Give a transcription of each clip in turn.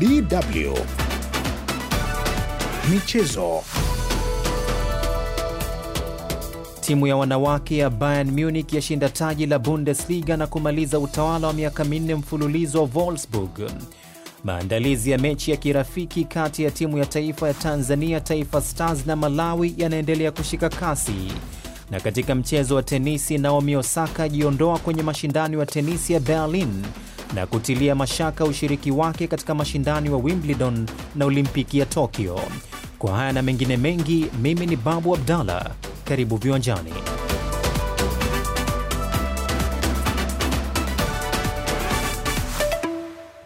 DW Michezo. Timu ya wanawake ya Bayern Munich yashinda taji la Bundesliga na kumaliza utawala wa miaka minne mfululizo wa Wolfsburg. Maandalizi ya mechi ya kirafiki kati ya timu ya taifa ya Tanzania Taifa Stars na Malawi yanaendelea kushika kasi. Na katika mchezo wa tenisi, Naomi Osaka jiondoa kwenye mashindano ya tenisi ya Berlin na kutilia mashaka ushiriki wake katika mashindano wa Wimbledon na Olimpiki ya Tokyo. Kwa haya na mengine mengi, mimi ni Babu Abdalla. Karibu Viwanjani.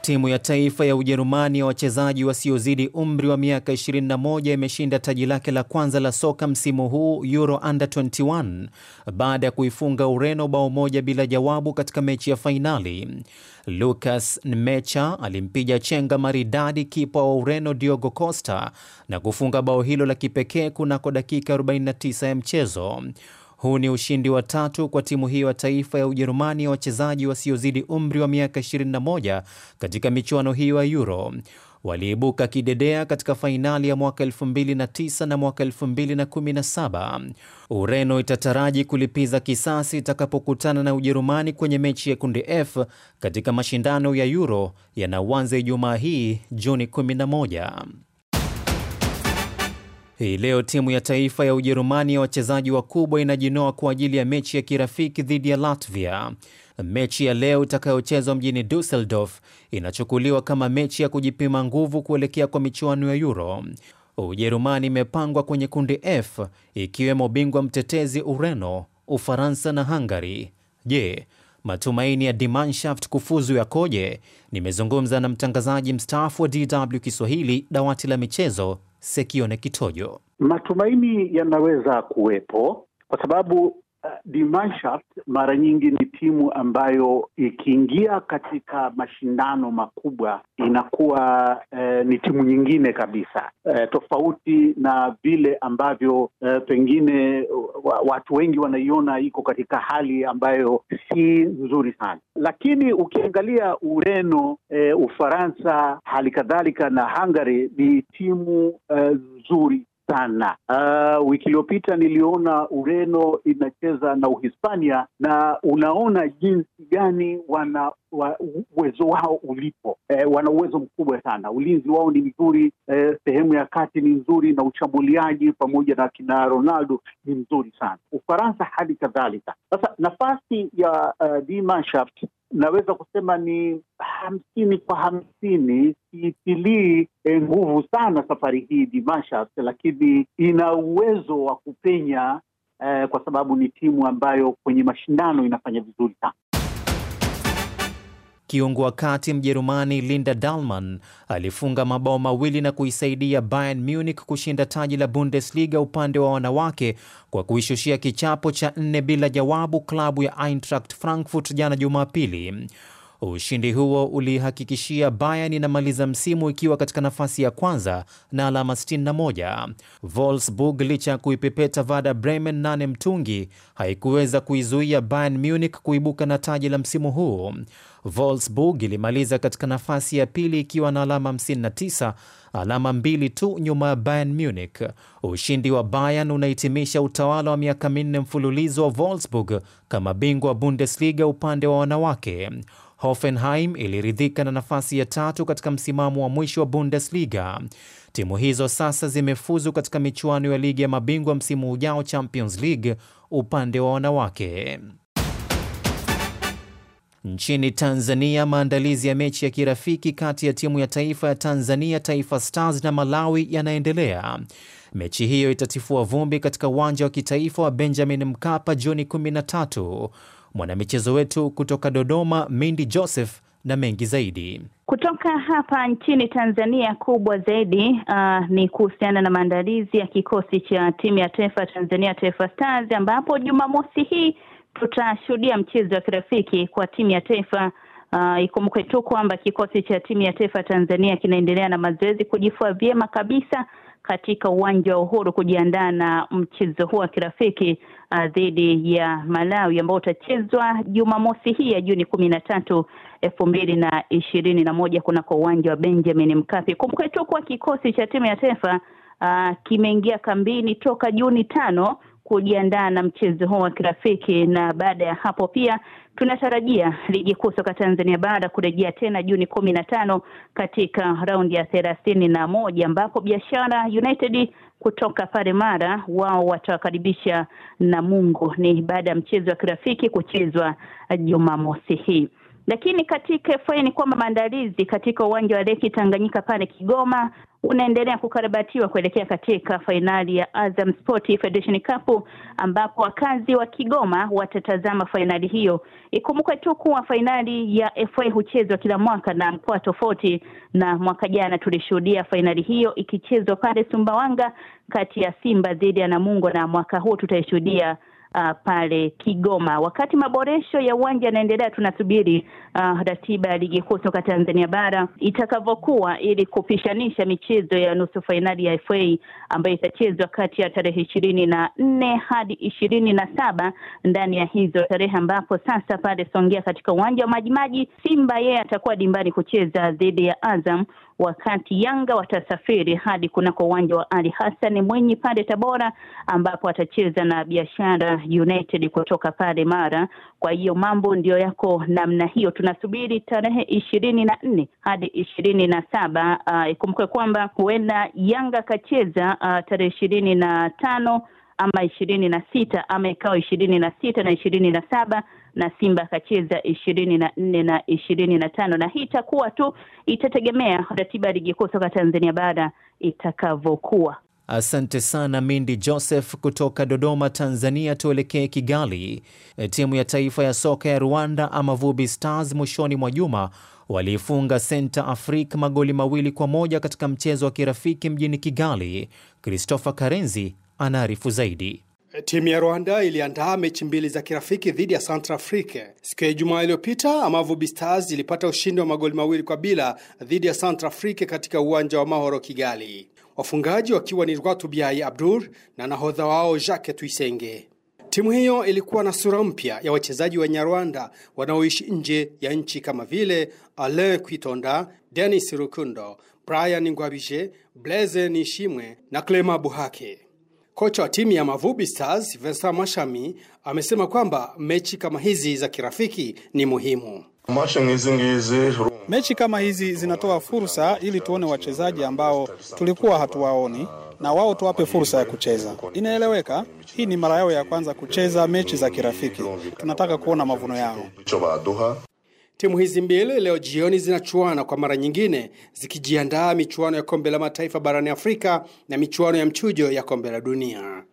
Timu ya taifa ya Ujerumani ya wachezaji wasiozidi umri wa miaka 21 imeshinda taji lake la kwanza la soka msimu huu Euro Under 21 baada ya kuifunga Ureno bao moja bila jawabu katika mechi ya fainali. Lucas Nmecha alimpiga chenga maridadi kipa wa Ureno Diogo Costa na kufunga bao hilo la kipekee kunako dakika 49 ya mchezo. Huu ni ushindi wa tatu kwa timu hiyo ya taifa ya Ujerumani ya wachezaji wasiozidi umri wa miaka 21 katika michuano hiyo ya Euro. Waliibuka kidedea katika fainali ya mwaka 2009 na mwaka 2017. Ureno itataraji kulipiza kisasi itakapokutana na Ujerumani kwenye mechi ya kundi F katika mashindano ya Euro yanaoanza Ijumaa hii Juni 11. Hii leo timu ya taifa ya Ujerumani ya wachezaji wakubwa inajinoa kwa ajili ya mechi ya kirafiki dhidi ya Latvia. Mechi ya leo itakayochezwa mjini Dusseldorf inachukuliwa kama mechi ya kujipima nguvu kuelekea kwa michuano ya Euro. Ujerumani imepangwa kwenye kundi F ikiwemo bingwa mtetezi Ureno, Ufaransa na Hungary. Je, matumaini ya Die Mannschaft kufuzu yakoje? Nimezungumza na mtangazaji mstaafu wa DW Kiswahili, dawati la michezo Sekione Kitojo. Matumaini yanaweza kuwepo kwa sababu Uh, Dimashq mara nyingi ni timu ambayo ikiingia katika mashindano makubwa inakuwa eh, ni timu nyingine kabisa eh, tofauti na vile ambavyo eh, pengine watu wengi wanaiona iko katika hali ambayo si nzuri sana, lakini ukiangalia Ureno, eh, Ufaransa hali kadhalika na Hungary ni timu nzuri sana. Uh, wiki iliyopita niliona Ureno inacheza na Uhispania na unaona jinsi gani wana wa, uwezo wao ulipo. E, wana uwezo mkubwa sana, ulinzi wao ni mzuri, e, sehemu ya kati ni nzuri, na ushambuliaji pamoja na kina Ronaldo ni mzuri sana. Ufaransa hali kadhalika. Sasa nafasi ya uh, naweza kusema ni hamsini kwa hamsini. Siitilii e, nguvu sana safari hii Dimasha, lakini ina uwezo wa kupenya eh, kwa sababu ni timu ambayo kwenye mashindano inafanya vizuri sana. Kiungo wa kati Mjerumani Linda Dalman alifunga mabao mawili na kuisaidia Bayern Munich kushinda taji la Bundesliga upande wa wanawake kwa kuishushia kichapo cha nne bila jawabu klabu ya Eintracht Frankfurt jana Jumapili. Ushindi huo ulihakikishia Bayern inamaliza msimu ikiwa katika nafasi ya kwanza na alama 61. Wolfsburg licha ya kuipepeta Werder Bremen nane mtungi haikuweza kuizuia Bayern Munich kuibuka na taji la msimu huu. Wolfsburg ilimaliza katika nafasi ya pili ikiwa na alama 59, alama mbili tu nyuma ya Bayern Munich. Ushindi wa Bayern unahitimisha utawala wa miaka minne mfululizo wa Wolfsburg kama bingwa wa Bundesliga upande wa wanawake. Hoffenheim iliridhika na nafasi ya tatu katika msimamo wa mwisho wa Bundesliga. Timu hizo sasa zimefuzu katika michuano ya ligi ya mabingwa msimu ujao, Champions League, upande wa wanawake. Nchini Tanzania, maandalizi ya mechi ya kirafiki kati ya timu ya taifa ya Tanzania Taifa Stars na Malawi yanaendelea. Mechi hiyo itatifua vumbi katika uwanja wa kitaifa wa Benjamin Mkapa Juni 13 Mwanamichezo wetu kutoka Dodoma, Mindi Joseph, na mengi zaidi kutoka hapa nchini Tanzania. Kubwa zaidi uh, ni kuhusiana na maandalizi ya kikosi cha timu ya taifa Tanzania Taifa Stars, ambapo Jumamosi hii tutashuhudia mchezo wa kirafiki kwa timu ya taifa. Uh, ikumbukwe tu kwamba kikosi cha timu ya taifa Tanzania kinaendelea na mazoezi kujifua vyema kabisa katika uwanja wa Uhuru kujiandaa na mchezo huo wa kirafiki uh, dhidi ya Malawi ambao utachezwa Jumamosi hii ya Juni kumi na tatu elfu mbili na ishirini na moja kunako uwanja wa Benjamin Mkapa. Kumbuka tu kuwa kikosi cha timu ya taifa uh, kimeingia kambini toka Juni tano kujiandaa na mchezo huo wa kirafiki, na baada ya hapo pia tunatarajia ligi kuu soka Tanzania bara kurejea tena Juni kumi na tano katika raundi ya thelathini na moja ambapo Biashara United kutoka pale Mara wao watawakaribisha Namungo. Ni baada ya mchezo wa kirafiki kuchezwa Jumamosi hii lakini katika FA ni kwamba maandalizi katika uwanja wa Leki Tanganyika pale Kigoma unaendelea kukarabatiwa kuelekea katika fainali ya Azam Sport Federation Cup ambapo wakazi wa Kigoma watatazama fainali hiyo. Ikumbukwe tu kuwa fainali ya FA huchezwa kila mwaka na mkoa tofauti, na mwaka jana tulishuhudia fainali hiyo ikichezwa pale Sumbawanga kati ya Simba dhidi ya Namungo, na mwaka huu tutaishuhudia uh, pale Kigoma. Wakati maboresho ya uwanja yanaendelea, tunasubiri uh, ratiba ya ligi kuu soka Tanzania bara itakavyokuwa ili kupishanisha michezo ya nusu fainali ya FA ambayo itachezwa kati ya tarehe ishirini na nne hadi ishirini na saba ndani ya hizo tarehe, ambapo sasa pale Songea katika uwanja wa Majimaji, Simba yeye atakuwa dimbani kucheza dhidi ya Azam wakati Yanga watasafiri hadi kunako uwanja wa Ali Hassan Mwinyi pale Tabora, ambapo atacheza na biashara United kutoka pale Mara. Kwa hiyo mambo ndiyo yako namna hiyo, tunasubiri tarehe ishirini na nne hadi ishirini na saba. Ah, Ikumbuke kwamba huenda Yanga akacheza ah, tarehe ishirini na tano ama ishirini na sita ama ikawa ishirini na sita na ishirini na saba na Simba akacheza ishirini na nne na ishirini na tano na hii itakuwa tu, itategemea ratiba ya ligi kuu soka Tanzania bara itakavyokuwa. Asante sana Mindi Joseph kutoka Dodoma, Tanzania. Tuelekee Kigali. E, timu ya taifa ya soka ya Rwanda ama vubi Stars mwishoni mwa juma waliifunga Senta Afrika magoli mawili kwa moja katika mchezo wa kirafiki mjini Kigali. Christopher Karenzi anaarifu zaidi. Timu ya Rwanda iliandaa mechi mbili za kirafiki dhidi ya Centrafrique siku ya Ijumaa iliyopita. Amavubi Stars ilipata ushindi wa magoli mawili kwa bila dhidi ya Centrafrique katika uwanja wa Mahoro, Kigali, wafungaji wakiwa ni rwatubiai Abdur na nahodha wao Jacques Tuisenge. Timu hiyo ilikuwa na sura mpya ya wachezaji wa Nyarwanda wanaoishi nje ya nchi kama vile Alain Kwitonda, Denis Rukundo, Brian Ngwabije, Blaise Nishimwe na clema Buhake. Kocha wa timu ya Mavubi Stars Vincent Mashami amesema kwamba mechi kama hizi za kirafiki ni muhimu. Mechi kama hizi zinatoa fursa ili tuone wachezaji ambao tulikuwa hatuwaoni na wao tuwape fursa ya kucheza. Inaeleweka, hii ni mara yao ya kwanza kucheza mechi za kirafiki. Tunataka kuona mavuno yao. Timu hizi mbili leo jioni zinachuana kwa mara nyingine zikijiandaa michuano ya kombe la mataifa barani Afrika na michuano ya mchujo ya kombe la dunia.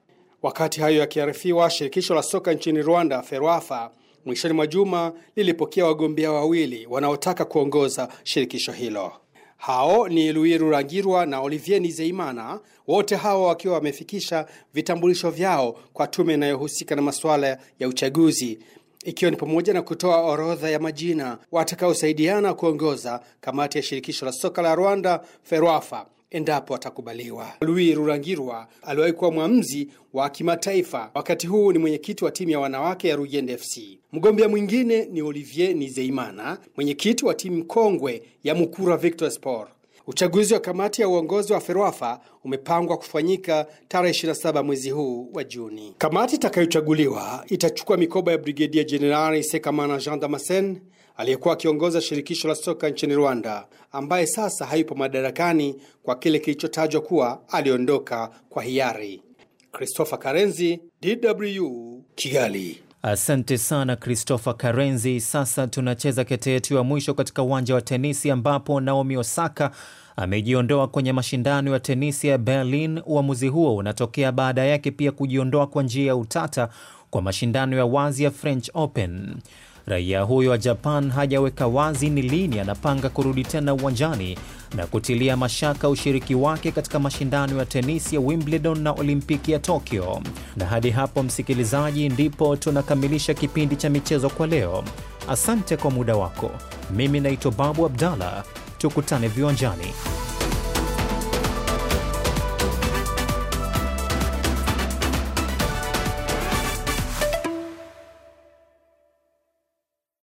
Wakati hayo yakiarifiwa, shirikisho la soka nchini Rwanda FERWAFA mwishoni mwa juma lilipokea wagombea wawili wanaotaka kuongoza shirikisho hilo. Hao ni Louis Rurangirwa na Olivier Nizeimana, wote hawa wakiwa wamefikisha vitambulisho vyao kwa tume inayohusika na masuala ya uchaguzi ikiwa ni pamoja na kutoa orodha ya majina watakaosaidiana kuongoza kamati ya shirikisho la soka la Rwanda FERWAFA endapo atakubaliwa. Louis Rurangirwa aliwahi kuwa mwamuzi wa kimataifa, wakati huu ni mwenyekiti wa timu ya wanawake ya Rugende FC. Mgombea mwingine ni Olivier Nizeimana, mwenyekiti wa timu kongwe ya Mukura Victor Sport. Uchaguzi wa kamati ya uongozi wa FERWAFA umepangwa kufanyika tarehe 27 mwezi huu wa Juni. Kamati itakayochaguliwa itachukua mikoba ya Brigedia Jenerali Sekamana Jean Damasen aliyekuwa akiongoza shirikisho la soka nchini Rwanda, ambaye sasa hayupo madarakani kwa kile kilichotajwa kuwa aliondoka kwa hiari. Christopher Karenzi, DW, Kigali. Asante sana Christopher Karenzi. Sasa tunacheza kete yetu ya mwisho katika uwanja wa tenisi ambapo Naomi Osaka amejiondoa kwenye mashindano ya tenisi ya Berlin. Uamuzi huo unatokea baada yake pia kujiondoa kwa njia ya utata kwa mashindano ya wazi ya French Open. Raia huyo wa Japan hajaweka wazi ni lini anapanga kurudi tena uwanjani na kutilia mashaka ushiriki wake katika mashindano ya tenisi ya Wimbledon na Olimpiki ya Tokyo. Na hadi hapo, msikilizaji, ndipo tunakamilisha kipindi cha michezo kwa leo. Asante kwa muda wako. Mimi naitwa Babu abdallah tukutane viwanjani.